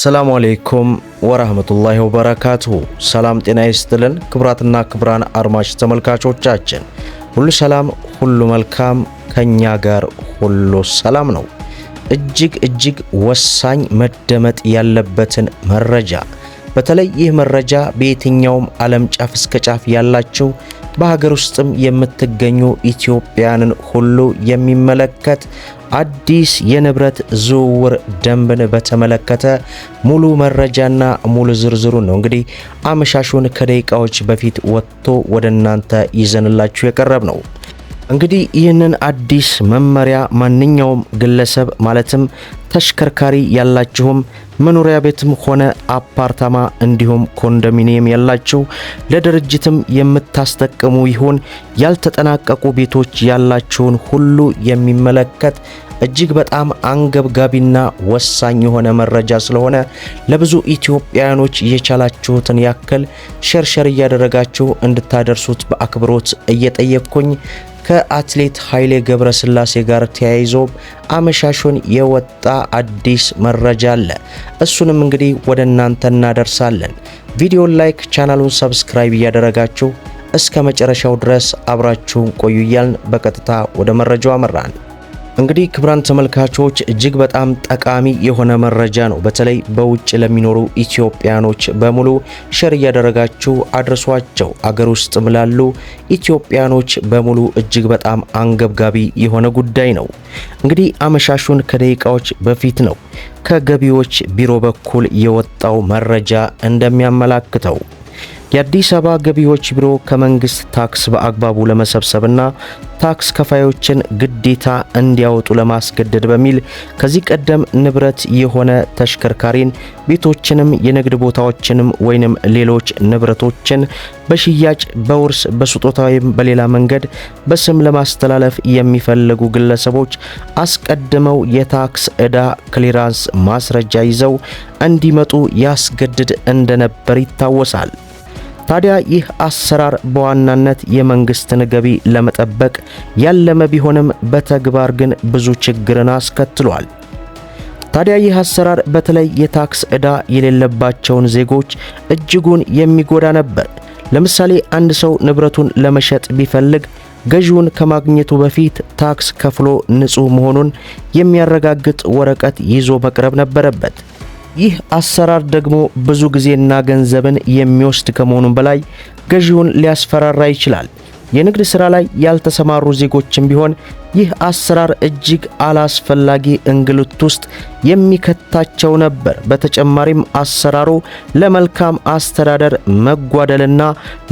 ሰላሙ አሌይኩም ወራህመቱላሂ ወበረካቱሁ። ሰላም ጤና ይስጥልን። ክብራትና ክብራን አድማጭ ተመልካቾቻችን ሁሉ ሰላም፣ ሁሉ መልካም፣ ከኛ ጋር ሁሉ ሰላም ነው። እጅግ እጅግ ወሳኝ መደመጥ ያለበትን መረጃ በተለይ ይህ መረጃ በየትኛውም ዓለም ጫፍ እስከ ጫፍ ያላችሁ በሀገር ውስጥም የምትገኙ ኢትዮጵያንን ሁሉ የሚመለከት አዲስ የንብረት ዝውውር ደንብን በተመለከተ ሙሉ መረጃና ሙሉ ዝርዝሩ ነው እንግዲህ አመሻሹን ከደቂቃዎች በፊት ወጥቶ ወደ እናንተ ይዘንላችሁ የቀረብ ነው። እንግዲህ ይህንን አዲስ መመሪያ ማንኛውም ግለሰብ ማለትም ተሽከርካሪ ያላችሁም መኖሪያ ቤትም ሆነ አፓርታማ እንዲሁም ኮንዶሚኒየም ያላችሁ ለድርጅትም የምታስጠቅሙ ይሆን ያልተጠናቀቁ ቤቶች ያላችሁን ሁሉ የሚመለከት እጅግ በጣም አንገብጋቢና ወሳኝ የሆነ መረጃ ስለሆነ ለብዙ ኢትዮጵያውያኖች የቻላችሁትን ያክል ሸርሸር እያደረጋችሁ እንድታደርሱት በአክብሮት እየጠየቅኩኝ ከአትሌት ኃይሌ ገብረስላሴ ጋር ተያይዞ አመሻሹን የወጣ አዲስ መረጃ አለ። እሱንም እንግዲህ ወደ እናንተ እናደርሳለን። ቪዲዮን ላይክ፣ ቻናሉን ሰብስክራይብ እያደረጋችሁ እስከ መጨረሻው ድረስ አብራችሁን ቆዩ እያልን በቀጥታ ወደ መረጃው አመራን። እንግዲህ ክቡራን ተመልካቾች እጅግ በጣም ጠቃሚ የሆነ መረጃ ነው። በተለይ በውጭ ለሚኖሩ ኢትዮጵያኖች በሙሉ ሸር እያደረጋችሁ አድርሷቸው። አገር ውስጥም ላሉ ኢትዮጵያኖች በሙሉ እጅግ በጣም አንገብጋቢ የሆነ ጉዳይ ነው። እንግዲህ አመሻሹን ከደቂቃዎች በፊት ነው ከገቢዎች ቢሮ በኩል የወጣው መረጃ እንደሚያመላክተው የአዲስ አበባ ገቢዎች ቢሮ ከመንግስት ታክስ በአግባቡ ለመሰብሰብና ታክስ ከፋዮችን ግዴታ እንዲያወጡ ለማስገደድ በሚል ከዚህ ቀደም ንብረት የሆነ ተሽከርካሪን፣ ቤቶችንም፣ የንግድ ቦታዎችንም ወይንም ሌሎች ንብረቶችን በሽያጭ በውርስ በስጦታ ወይም በሌላ መንገድ በስም ለማስተላለፍ የሚፈልጉ ግለሰቦች አስቀድመው የታክስ ዕዳ ክሊራንስ ማስረጃ ይዘው እንዲመጡ ያስገድድ እንደነበር ይታወሳል። ታዲያ ይህ አሰራር በዋናነት የመንግስትን ገቢ ለመጠበቅ ያለመ ቢሆንም በተግባር ግን ብዙ ችግርን አስከትሏል። ታዲያ ይህ አሰራር በተለይ የታክስ ዕዳ የሌለባቸውን ዜጎች እጅጉን የሚጎዳ ነበር። ለምሳሌ አንድ ሰው ንብረቱን ለመሸጥ ቢፈልግ ገዢውን ከማግኘቱ በፊት ታክስ ከፍሎ ንጹሕ መሆኑን የሚያረጋግጥ ወረቀት ይዞ መቅረብ ነበረበት። ይህ አሰራር ደግሞ ብዙ ጊዜና ገንዘብን የሚወስድ ከመሆኑም በላይ ገዢውን ሊያስፈራራ ይችላል። የንግድ ሥራ ላይ ያልተሰማሩ ዜጎችም ቢሆን ይህ አሰራር እጅግ አላስፈላጊ እንግልት ውስጥ የሚከታቸው ነበር። በተጨማሪም አሰራሩ ለመልካም አስተዳደር መጓደልና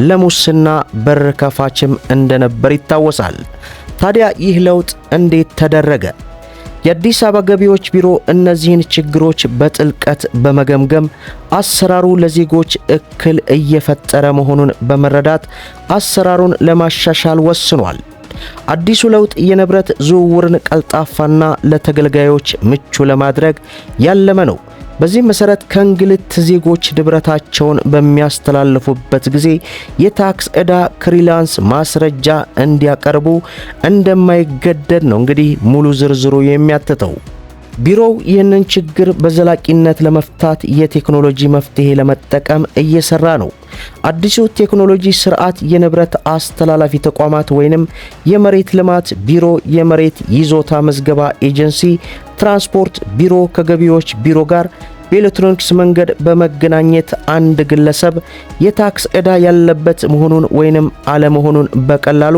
ለሙስና በር ከፋችም እንደነበር ይታወሳል። ታዲያ ይህ ለውጥ እንዴት ተደረገ? የአዲስ አበባ ገቢዎች ቢሮ እነዚህን ችግሮች በጥልቀት በመገምገም አሰራሩ ለዜጎች እክል እየፈጠረ መሆኑን በመረዳት አሰራሩን ለማሻሻል ወስኗል። አዲሱ ለውጥ የንብረት ዝውውርን ቀልጣፋና ለተገልጋዮች ምቹ ለማድረግ ያለመ ነው። በዚህ መሰረት ከእንግልት ዜጎች ንብረታቸውን በሚያስተላልፉበት ጊዜ የታክስ ዕዳ ክሪላንስ ማስረጃ እንዲያቀርቡ እንደማይገደድ ነው እንግዲህ ሙሉ ዝርዝሩ የሚያትተው። ቢሮው ይህንን ችግር በዘላቂነት ለመፍታት የቴክኖሎጂ መፍትሄ ለመጠቀም እየሰራ ነው። አዲሱ ቴክኖሎጂ ስርዓት የንብረት አስተላላፊ ተቋማት ወይንም የመሬት ልማት ቢሮ፣ የመሬት ይዞታ መዝገባ ኤጀንሲ፣ ትራንስፖርት ቢሮ ከገቢዎች ቢሮ ጋር በኤሌክትሮኒክስ መንገድ በመገናኘት አንድ ግለሰብ የታክስ ዕዳ ያለበት መሆኑን ወይንም አለመሆኑን በቀላሉ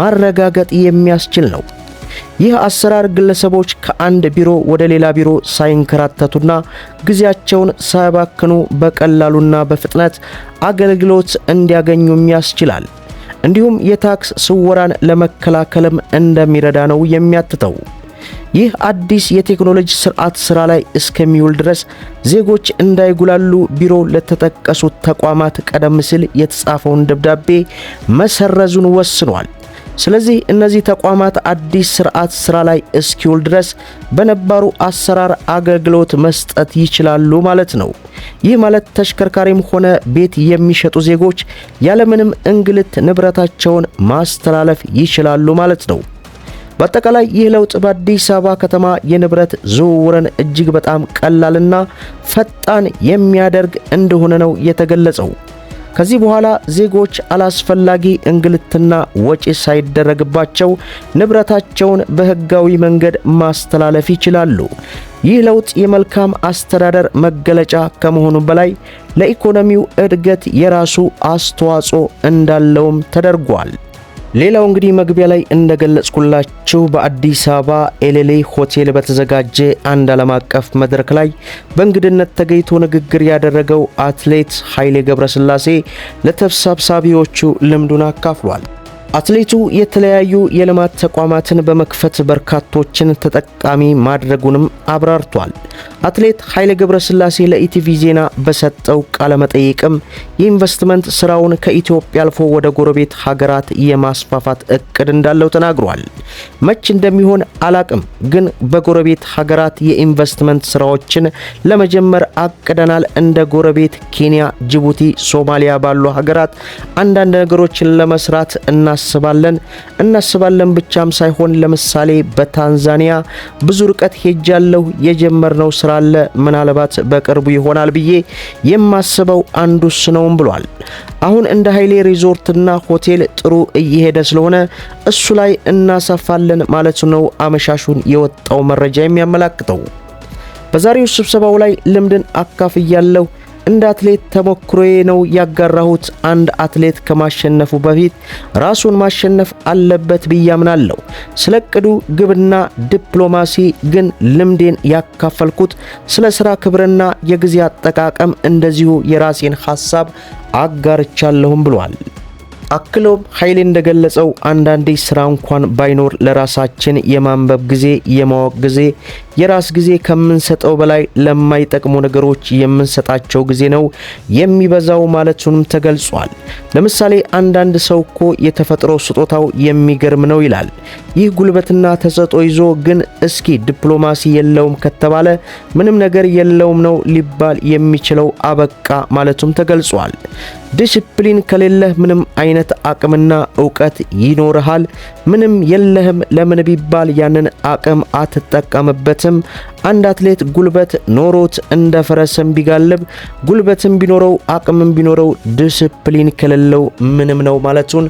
ማረጋገጥ የሚያስችል ነው። ይህ አሰራር ግለሰቦች ከአንድ ቢሮ ወደ ሌላ ቢሮ ሳይንከራተቱና ጊዜያቸውን ሳያባክኑ በቀላሉና በፍጥነት አገልግሎት እንዲያገኙም ያስችላል። እንዲሁም የታክስ ስወራን ለመከላከልም እንደሚረዳ ነው የሚያትተው። ይህ አዲስ የቴክኖሎጂ ስርዓት ስራ ላይ እስከሚውል ድረስ ዜጎች እንዳይጉላሉ ቢሮ ለተጠቀሱት ተቋማት ቀደም ሲል የተጻፈውን ደብዳቤ መሰረዙን ወስኗል። ስለዚህ እነዚህ ተቋማት አዲስ ስርዓት ስራ ላይ እስኪውል ድረስ በነባሩ አሰራር አገልግሎት መስጠት ይችላሉ ማለት ነው። ይህ ማለት ተሽከርካሪም ሆነ ቤት የሚሸጡ ዜጎች ያለምንም እንግልት ንብረታቸውን ማስተላለፍ ይችላሉ ማለት ነው። በአጠቃላይ ይህ ለውጥ በአዲስ አበባ ከተማ የንብረት ዝውውርን እጅግ በጣም ቀላልና ፈጣን የሚያደርግ እንደሆነ ነው የተገለጸው። ከዚህ በኋላ ዜጎች አላስፈላጊ እንግልትና ወጪ ሳይደረግባቸው ንብረታቸውን በሕጋዊ መንገድ ማስተላለፍ ይችላሉ። ይህ ለውጥ የመልካም አስተዳደር መገለጫ ከመሆኑ በላይ ለኢኮኖሚው እድገት የራሱ አስተዋጽኦ እንዳለውም ተደርጓል። ሌላው እንግዲህ መግቢያ ላይ እንደገለጽኩላችሁ በአዲስ አበባ ኤሌሌ ሆቴል በተዘጋጀ አንድ ዓለም አቀፍ መድረክ ላይ በእንግድነት ተገኝቶ ንግግር ያደረገው አትሌት ኃይሌ ገብረስላሴ ለተሰብሳቢዎቹ ልምዱን አካፍሏል። አትሌቱ የተለያዩ የልማት ተቋማትን በመክፈት በርካቶችን ተጠቃሚ ማድረጉንም አብራርቷል። አትሌት ኃይሌ ገብረስላሴ ለኢቲቪ ዜና በሰጠው ቃለ መጠይቅም የኢንቨስትመንት ስራውን ከኢትዮጵያ አልፎ ወደ ጎረቤት ሀገራት የማስፋፋት እቅድ እንዳለው ተናግሯል። መች እንደሚሆን አላቅም፣ ግን በጎረቤት ሀገራት የኢንቨስትመንት ስራዎችን ለመጀመር አቅደናል። እንደ ጎረቤት ኬንያ፣ ጅቡቲ፣ ሶማሊያ ባሉ ሀገራት አንዳንድ ነገሮችን ለመስራት እና እናስባለን። እናስባለን ብቻም ሳይሆን ለምሳሌ በታንዛኒያ ብዙ ርቀት ሄጃለሁ። የጀመርነው ስራ አለ፣ ምናልባት በቅርቡ ይሆናል ብዬ የማስበው አንዱ ስነውም ብሏል። አሁን እንደ ኃይሌ ሪዞርትና ሆቴል ጥሩ እየሄደ ስለሆነ እሱ ላይ እናሰፋለን ማለት ነው አመሻሹን የወጣው መረጃ የሚያመላክተው። በዛሬው ስብሰባው ላይ ልምድን አካፍያለሁ እንደ አትሌት ተሞክሮዬ ነው ያጋራሁት። አንድ አትሌት ከማሸነፉ በፊት ራሱን ማሸነፍ አለበት ብዬ አምናለሁ። ስለ እቅዱ ግብና ዲፕሎማሲ ግን ልምዴን ያካፈልኩት፣ ስለ ስራ ክብርና የጊዜ አጠቃቀም እንደዚሁ የራሴን ሐሳብ አጋርቻለሁም ብሏል። አክሎም ኃይሌ እንደገለጸው አንዳንዴ ስራ እንኳን ባይኖር ለራሳችን የማንበብ ጊዜ፣ የማወቅ ጊዜ፣ የራስ ጊዜ ከምንሰጠው በላይ ለማይጠቅሙ ነገሮች የምንሰጣቸው ጊዜ ነው የሚበዛው ማለቱንም ተገልጿል። ለምሳሌ አንዳንድ ሰው እኮ የተፈጥሮ ስጦታው የሚገርም ነው ይላል። ይህ ጉልበትና ተሰጦ ይዞ ግን እስኪ ዲፕሎማሲ የለውም ከተባለ ምንም ነገር የለውም ነው ሊባል የሚችለው አበቃ ማለቱም ተገልጿል። ዲሲፕሊን ከሌለህ ምንም አይነት አቅምና እውቀት ይኖርሃል። ምንም የለህም ለምን ቢባል ያንን አቅም አትጠቀምበት ማለትም አንድ አትሌት ጉልበት ኖሮት እንደ ፈረስም ቢጋልብ ጉልበትም ቢኖረው አቅምም ቢኖረው ዲስፕሊን ከሌለው ምንም ነው ማለቱን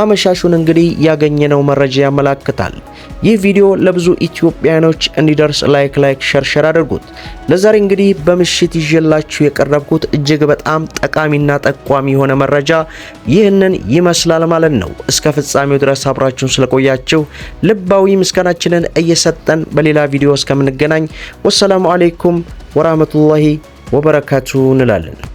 አመሻሹን እንግዲህ ያገኘነው መረጃ ያመላክታል። ይህ ቪዲዮ ለብዙ ኢትዮጵያኖች እንዲደርስ ላይክ ላይክ ሸርሸር አድርጉት። ለዛሬ እንግዲህ በምሽት ይዤላችሁ የቀረብኩት እጅግ በጣም ጠቃሚና ጠቋሚ የሆነ መረጃ ይህንን ይመስላል ማለት ነው። እስከ ፍጻሜው ድረስ አብራችሁን ስለቆያችሁ ልባዊ ምስጋናችንን እየሰጠን በሌላ ቪዲዮ እስከምንገናኝ ወሰላሙ አሌይኩም ወራህመቱላሂ ወበረካቱ እንላለን።